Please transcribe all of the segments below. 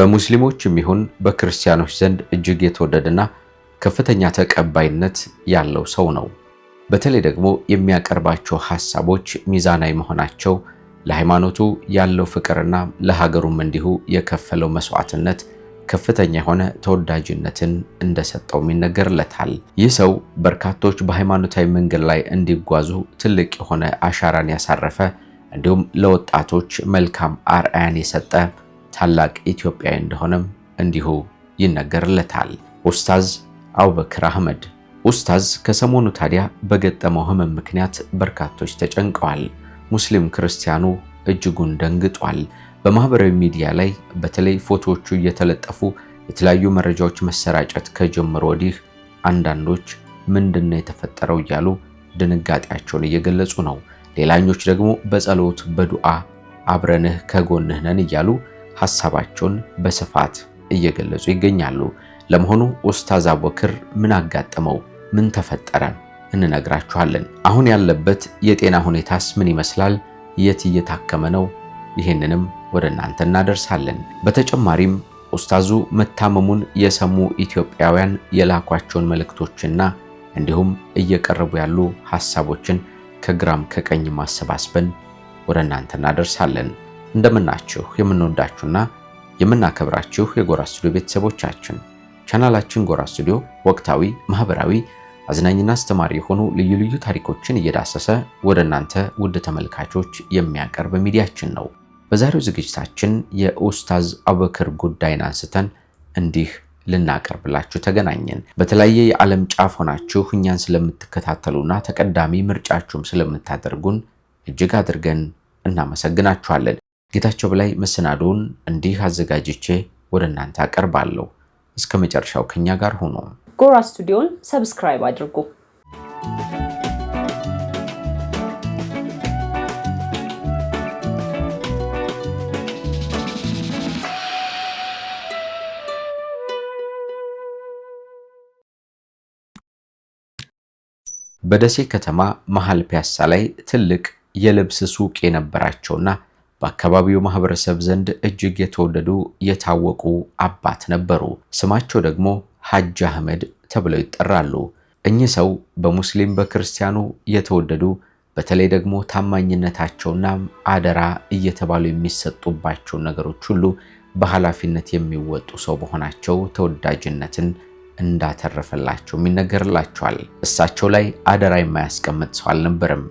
በሙስሊሞችም ይሁን በክርስቲያኖች ዘንድ እጅግ የተወደደና ከፍተኛ ተቀባይነት ያለው ሰው ነው። በተለይ ደግሞ የሚያቀርባቸው ሐሳቦች ሚዛናዊ መሆናቸው ለሃይማኖቱ ያለው ፍቅርና ለሀገሩም እንዲሁ የከፈለው መስዋዕትነት ከፍተኛ የሆነ ተወዳጅነትን እንደሰጠውም ይነገርለታል። ይህ ሰው በርካቶች በሃይማኖታዊ መንገድ ላይ እንዲጓዙ ትልቅ የሆነ አሻራን ያሳረፈ እንዲሁም ለወጣቶች መልካም አርአያን የሰጠ ታላቅ ኢትዮጵያዊ እንደሆነም እንዲሁ ይነገርለታል። ኡስታዝ አቡበክር አህመድ ኡስታዝ ከሰሞኑ ታዲያ በገጠመው ህመም ምክንያት በርካቶች ተጨንቀዋል። ሙስሊም ክርስቲያኑ እጅጉን ደንግጧል። በማህበራዊ ሚዲያ ላይ በተለይ ፎቶዎቹ እየተለጠፉ የተለያዩ መረጃዎች መሰራጨት ከጀመሩ ወዲህ አንዳንዶች ምንድነው የተፈጠረው እያሉ ድንጋጤያቸውን እየገለጹ ነው። ሌላኞች ደግሞ በጸሎት በዱዓ አብረንህ ከጎንህ ነን እያሉ ሀሳባቸውን በስፋት እየገለጹ ይገኛሉ። ለመሆኑ ኡስታዝ አቡበክር ምን አጋጠመው? ምን ተፈጠረ? እንነግራችኋለን። አሁን ያለበት የጤና ሁኔታስ ምን ይመስላል? የት እየታከመ ነው? ይህንንም ወደ እናንተ እናደርሳለን። በተጨማሪም ኡስታዙ መታመሙን የሰሙ ኢትዮጵያውያን የላኳቸውን መልእክቶችና እንዲሁም እየቀረቡ ያሉ ሀሳቦችን ከግራም ከቀኝ ማሰባስበን ወደ እናንተ እናደርሳለን። እንደምናችሁ የምንወዳችሁና የምናከብራችሁ የጎራ ስቱዲዮ ቤተሰቦቻችን ቻናላችን ጎራ ስቱዲዮ ወቅታዊ፣ ማህበራዊ፣ አዝናኝና አስተማሪ የሆኑ ልዩ ልዩ ታሪኮችን እየዳሰሰ ወደ እናንተ ውድ ተመልካቾች የሚያቀርብ ሚዲያችን ነው። በዛሬው ዝግጅታችን የኡስታዝ አቡበክር ጉዳይን አንስተን እንዲህ ልናቀርብላችሁ ተገናኘን። በተለያየ የዓለም ጫፍ ሆናችሁ እኛን ስለምትከታተሉና ተቀዳሚ ምርጫችሁም ስለምታደርጉን እጅግ አድርገን እናመሰግናችኋለን። ጌታቸው በላይ መሰናዶውን እንዲህ አዘጋጅቼ ወደ እናንተ አቀርባለሁ። እስከ መጨረሻው ከኛ ጋር ሆኖ ጎራ ስቱዲዮን ሰብስክራይብ አድርጉ። በደሴ ከተማ መሀል ፒያሳ ላይ ትልቅ የልብስ ሱቅ የነበራቸውና በአካባቢው ማህበረሰብ ዘንድ እጅግ የተወደዱ የታወቁ አባት ነበሩ። ስማቸው ደግሞ ሐጅ አህመድ ተብለው ይጠራሉ። እኚህ ሰው በሙስሊም በክርስቲያኑ የተወደዱ በተለይ ደግሞ ታማኝነታቸውና አደራ እየተባሉ የሚሰጡባቸው ነገሮች ሁሉ በኃላፊነት የሚወጡ ሰው በሆናቸው ተወዳጅነትን እንዳተረፈላቸውም ይነገርላቸዋል። እሳቸው ላይ አደራ የማያስቀምጥ ሰው አልነበረም።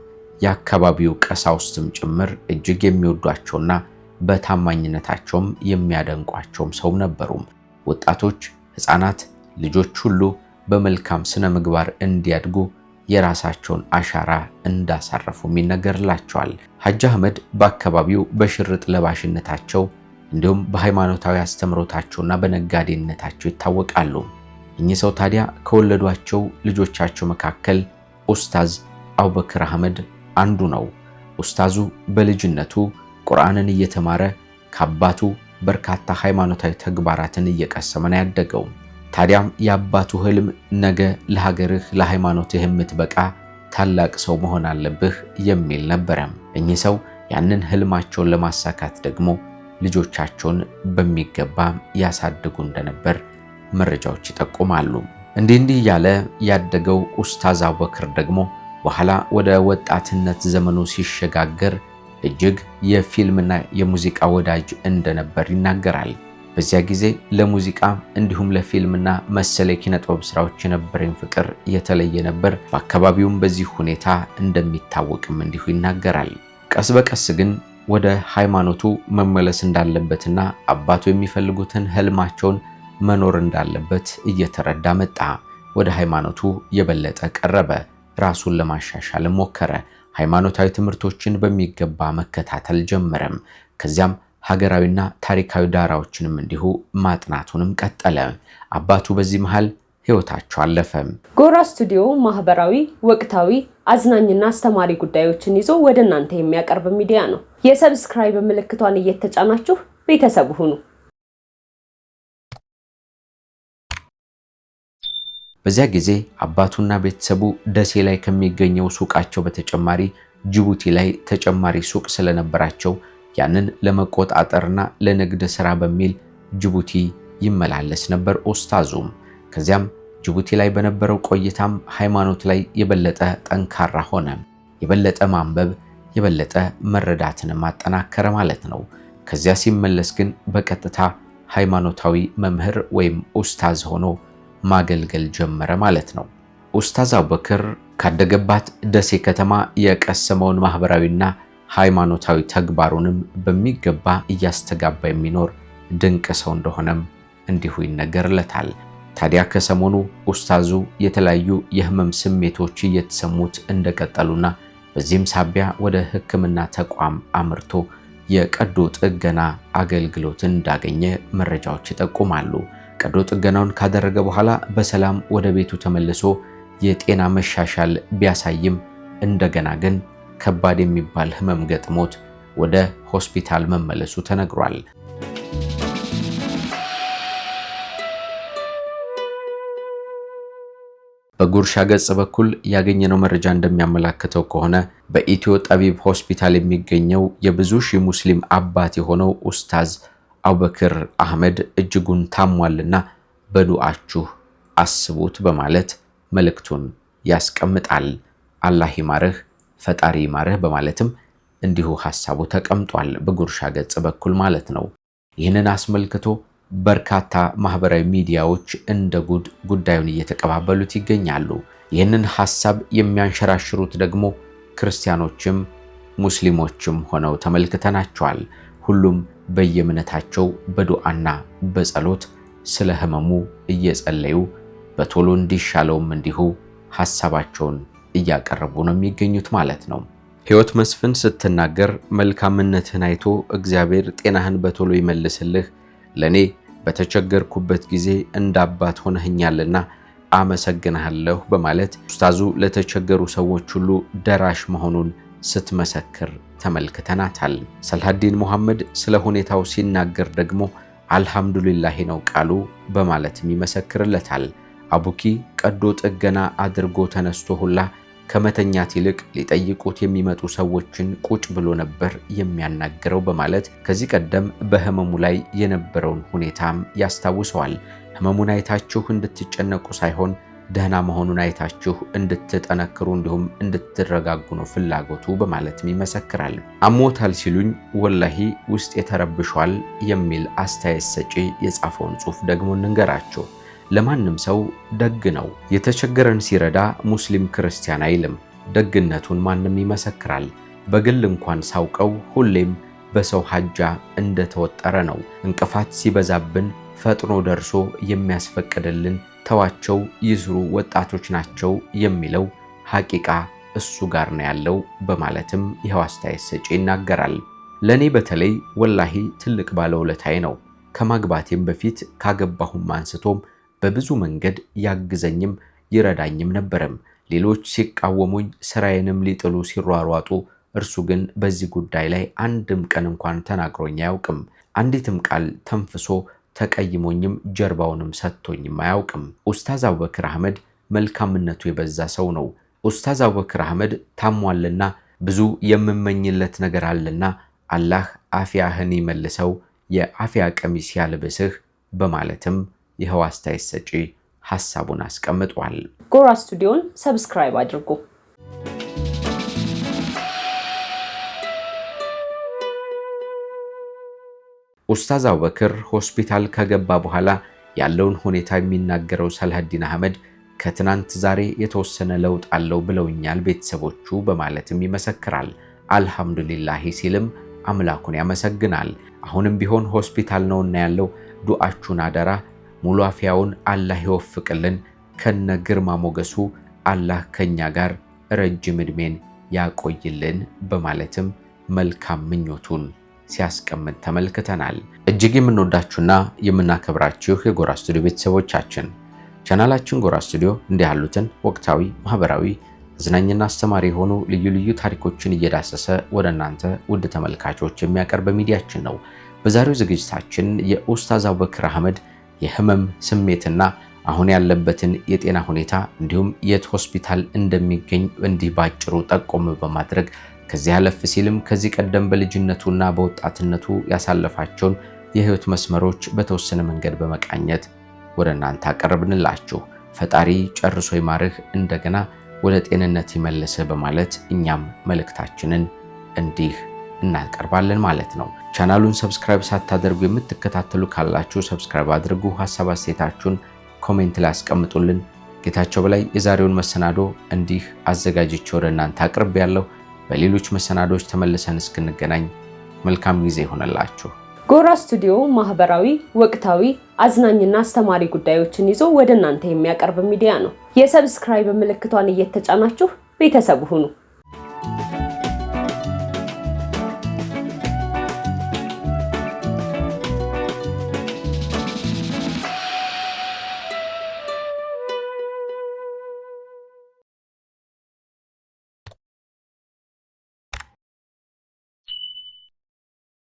የአካባቢው ቀሳውስትም ጭምር እጅግ የሚወዷቸውና በታማኝነታቸውም የሚያደንቋቸውም ሰው ነበሩም። ወጣቶች፣ ሕፃናት፣ ልጆች ሁሉ በመልካም ስነ ምግባር እንዲያድጉ የራሳቸውን አሻራ እንዳሳረፉም ይነገርላቸዋል። ሐጅ አህመድ በአካባቢው በሽርጥ ለባሽነታቸው እንዲሁም በሃይማኖታዊ አስተምሮታቸውና በነጋዴነታቸው ይታወቃሉ። እኚህ ሰው ታዲያ ከወለዷቸው ልጆቻቸው መካከል ኡስታዝ አቡበክር አህመድ አንዱ ነው። ኡስታዙ በልጅነቱ ቁርአንን እየተማረ ከአባቱ በርካታ ሃይማኖታዊ ተግባራትን እየቀሰመ ነው ያደገው። ታዲያም የአባቱ ህልም ነገ ለሀገርህ ለሃይማኖትህ የምትበቃ ታላቅ ሰው መሆን አለብህ የሚል ነበረ። እኚህ ሰው ያንን ህልማቸውን ለማሳካት ደግሞ ልጆቻቸውን በሚገባ ያሳድጉ እንደነበር መረጃዎች ይጠቁማሉ። እንዲህ እንዲህ እያለ ያደገው ኡስታዝ አቡበክር ደግሞ በኋላ ወደ ወጣትነት ዘመኑ ሲሸጋገር እጅግ የፊልምና የሙዚቃ ወዳጅ እንደነበር ይናገራል። በዚያ ጊዜ ለሙዚቃ እንዲሁም ለፊልምና መሰል የኪነ ስራዎች የነበረኝ ፍቅር የተለየ ነበር። በአካባቢውም በዚህ ሁኔታ እንደሚታወቅም እንዲሁ ይናገራል። ቀስ በቀስ ግን ወደ ሃይማኖቱ መመለስ እንዳለበትና አባቱ የሚፈልጉትን ህልማቸውን መኖር እንዳለበት እየተረዳ መጣ። ወደ ሃይማኖቱ የበለጠ ቀረበ። ራሱን ለማሻሻል ሞከረ። ሃይማኖታዊ ትምህርቶችን በሚገባ መከታተል ጀመረም። ከዚያም ሀገራዊና ታሪካዊ ዳራዎችንም እንዲሁ ማጥናቱንም ቀጠለ። አባቱ በዚህ መሃል ህይወታቸው አለፈ። ጎራ ስቱዲዮ ማህበራዊ፣ ወቅታዊ፣ አዝናኝና አስተማሪ ጉዳዮችን ይዞ ወደ እናንተ የሚያቀርብ ሚዲያ ነው። የሰብስክራይብ ምልክቷን እየተጫናችሁ ቤተሰብ ሁኑ። በዚያ ጊዜ አባቱና ቤተሰቡ ደሴ ላይ ከሚገኘው ሱቃቸው በተጨማሪ ጅቡቲ ላይ ተጨማሪ ሱቅ ስለነበራቸው ያንን ለመቆጣጠርና ለንግድ ስራ በሚል ጅቡቲ ይመላለስ ነበር ኦስታዙም ከዚያም ጅቡቲ ላይ በነበረው ቆይታም ሃይማኖት ላይ የበለጠ ጠንካራ ሆነ። የበለጠ ማንበብ፣ የበለጠ መረዳትንም ማጠናከረ ማለት ነው። ከዚያ ሲመለስ ግን በቀጥታ ሃይማኖታዊ መምህር ወይም ኡስታዝ ሆኖ ማገልገል ጀመረ ማለት ነው። ኡስታዝ አቡበክር ካደገባት ደሴ ከተማ የቀሰመውን ማህበራዊና ሃይማኖታዊ ተግባሩንም በሚገባ እያስተጋባ የሚኖር ድንቅ ሰው እንደሆነም እንዲሁ ይነገርለታል። ታዲያ ከሰሞኑ ኡስታዙ የተለያዩ የህመም ስሜቶች እየተሰሙት እንደቀጠሉና በዚህም ሳቢያ ወደ ሕክምና ተቋም አምርቶ የቀዶ ጥገና አገልግሎት እንዳገኘ መረጃዎች ይጠቁማሉ። ቀዶ ጥገናውን ካደረገ በኋላ በሰላም ወደ ቤቱ ተመልሶ የጤና መሻሻል ቢያሳይም እንደገና ግን ከባድ የሚባል ህመም ገጥሞት ወደ ሆስፒታል መመለሱ ተነግሯል። በጉርሻ ገጽ በኩል ያገኘነው መረጃ እንደሚያመላክተው ከሆነ በኢትዮ ጠቢብ ሆስፒታል የሚገኘው የብዙ ሺህ ሙስሊም አባት የሆነው ኡስታዝ አቡበክር አህመድ እጅጉን ታሟልና በዱአችሁ አስቡት በማለት መልእክቱን ያስቀምጣል። አላህ ይማርህ፣ ፈጣሪ ይማርህ በማለትም እንዲሁ ሀሳቡ ተቀምጧል። በጉርሻ ገጽ በኩል ማለት ነው። ይህንን አስመልክቶ በርካታ ማህበራዊ ሚዲያዎች እንደ ጉድ ጉዳዩን እየተቀባበሉት ይገኛሉ። ይህንን ሀሳብ የሚያንሸራሽሩት ደግሞ ክርስቲያኖችም ሙስሊሞችም ሆነው ተመልክተናቸዋል። ሁሉም በየእምነታቸው በዱዓና በጸሎት ስለ ህመሙ እየጸለዩ በቶሎ እንዲሻለውም እንዲሁ ሐሳባቸውን እያቀረቡ ነው የሚገኙት ማለት ነው። ሕይወት መስፍን ስትናገር መልካምነትህን አይቶ እግዚአብሔር ጤናህን በቶሎ ይመልስልህ፣ ለእኔ በተቸገርኩበት ጊዜ እንደ አባት ሆነህኛልና አመሰግንሃለሁ በማለት ኡስታዙ ለተቸገሩ ሰዎች ሁሉ ደራሽ መሆኑን ስትመሰክር ተመልክተናታል። ሰልሃዲን ሙሐመድ ስለ ሁኔታው ሲናገር ደግሞ አልሐምዱሊላሂ ነው ቃሉ በማለትም ይመሰክርለታል። አቡኪ ቀዶ ጥገና አድርጎ ተነስቶ ሁላ ከመተኛት ይልቅ ሊጠይቁት የሚመጡ ሰዎችን ቁጭ ብሎ ነበር የሚያናግረው በማለት ከዚህ ቀደም በህመሙ ላይ የነበረውን ሁኔታም ያስታውሰዋል። ህመሙን አይታችሁ እንድትጨነቁ ሳይሆን ደህና መሆኑን አይታችሁ እንድትጠነክሩ እንዲሁም እንድትረጋጉ ነው ፍላጎቱ በማለትም ይመሰክራል። አሞታል ሲሉኝ ወላሂ ውስጥ የተረብሿል የሚል አስተያየት ሰጪ የጻፈውን ጽሑፍ ደግሞ እንንገራቸው። ለማንም ሰው ደግ ነው። የተቸገረን ሲረዳ ሙስሊም ክርስቲያን አይልም። ደግነቱን ማንም ይመሰክራል። በግል እንኳን ሳውቀው ሁሌም በሰው ሀጃ እንደተወጠረ ነው። እንቅፋት ሲበዛብን ፈጥኖ ደርሶ የሚያስፈቅድልን ተዋቸው ይዝሩ ወጣቶች ናቸው የሚለው ሐቂቃ እሱ ጋር ነው ያለው በማለትም ይኸው አስተያየት ሰጪ ይናገራል። ለእኔ በተለይ ወላሂ ትልቅ ባለውለታዬ ነው። ከማግባቴም በፊት ካገባሁም አንስቶም በብዙ መንገድ ያግዘኝም ይረዳኝም ነበረም። ሌሎች ሲቃወሙኝ ስራዬንም ሊጥሉ ሲሯሯጡ፣ እርሱ ግን በዚህ ጉዳይ ላይ አንድም ቀን እንኳን ተናግሮኝ አያውቅም። አንዲትም ቃል ተንፍሶ ተቀይሞኝም ጀርባውንም ሰጥቶኝም አያውቅም። ኡስታዝ አቡበክር አህመድ መልካምነቱ የበዛ ሰው ነው። ኡስታዝ አቡበክር አህመድ ታሟልና ብዙ የምመኝለት ነገር አለና አላህ አፍያህን ይመልሰው የአፍያ ቀሚስ ያልብስህ በማለትም ይኸው አስተያየት ሰጪ ሐሳቡን አስቀምጧል። ጎራ ስቱዲዮን ሰብስክራይብ አድርጉ። ኡስታዝ አቡበክር ሆስፒታል ከገባ በኋላ ያለውን ሁኔታ የሚናገረው ሰላሀዲን አህመድ ከትናንት ዛሬ የተወሰነ ለውጥ አለው ብለውኛል ቤተሰቦቹ በማለትም ይመሰክራል። አልሐምዱሊላሂ ሲልም አምላኩን ያመሰግናል። አሁንም ቢሆን ሆስፒታል ነውና ያለው ዱዓችሁን አደራ ሙሉ አፊያውን አላህ ይወፍቅልን፣ ከነ ግርማ ሞገሱ አላህ ከኛ ጋር ረጅም ዕድሜን ያቆይልን በማለትም መልካም ምኞቱን ሲያስቀምጥ ተመልክተናል። እጅግ የምንወዳችሁና የምናከብራችሁ የጎራ ስቱዲዮ ቤተሰቦቻችን ቻናላችን ጎራ ስቱዲዮ እንዲህ ያሉትን ወቅታዊ፣ ማህበራዊ፣ አዝናኝና አስተማሪ የሆኑ ልዩ ልዩ ታሪኮችን እየዳሰሰ ወደ እናንተ ውድ ተመልካቾች የሚያቀርብ ሚዲያችን ነው። በዛሬው ዝግጅታችን የኡስታዝ አቡበክር አህመድ የህመም ስሜትና አሁን ያለበትን የጤና ሁኔታ እንዲሁም የት ሆስፒታል እንደሚገኝ እንዲህ ባጭሩ ጠቆም በማድረግ ከዚህ አለፍ ሲልም ከዚህ ቀደም በልጅነቱና በወጣትነቱ ያሳለፋቸውን የህይወት መስመሮች በተወሰነ መንገድ በመቃኘት ወደ እናንተ አቀርብንላችሁ። ፈጣሪ ጨርሶ ይማርህ፣ እንደገና ወደ ጤንነት ይመልስህ በማለት እኛም መልእክታችንን እንዲህ እናቀርባለን ማለት ነው። ቻናሉን ሰብስክራይብ ሳታደርጉ የምትከታተሉ ካላችሁ ሰብስክራይብ አድርጉ። ሀሳብ አስተያየታችሁን ኮሜንት ላይ አስቀምጡልን። ጌታቸው በላይ የዛሬውን መሰናዶ እንዲህ አዘጋጅቼ ወደ እናንተ አቅርብ ያለው በሌሎች መሰናዶች ተመልሰን እስክንገናኝ መልካም ጊዜ ይሆነላችሁ። ጎራ ስቱዲዮ ማህበራዊ፣ ወቅታዊ፣ አዝናኝና አስተማሪ ጉዳዮችን ይዞ ወደ እናንተ የሚያቀርብ ሚዲያ ነው። የሰብስክራይብ ምልክቷን እየተጫናችሁ ቤተሰብ ሁኑ።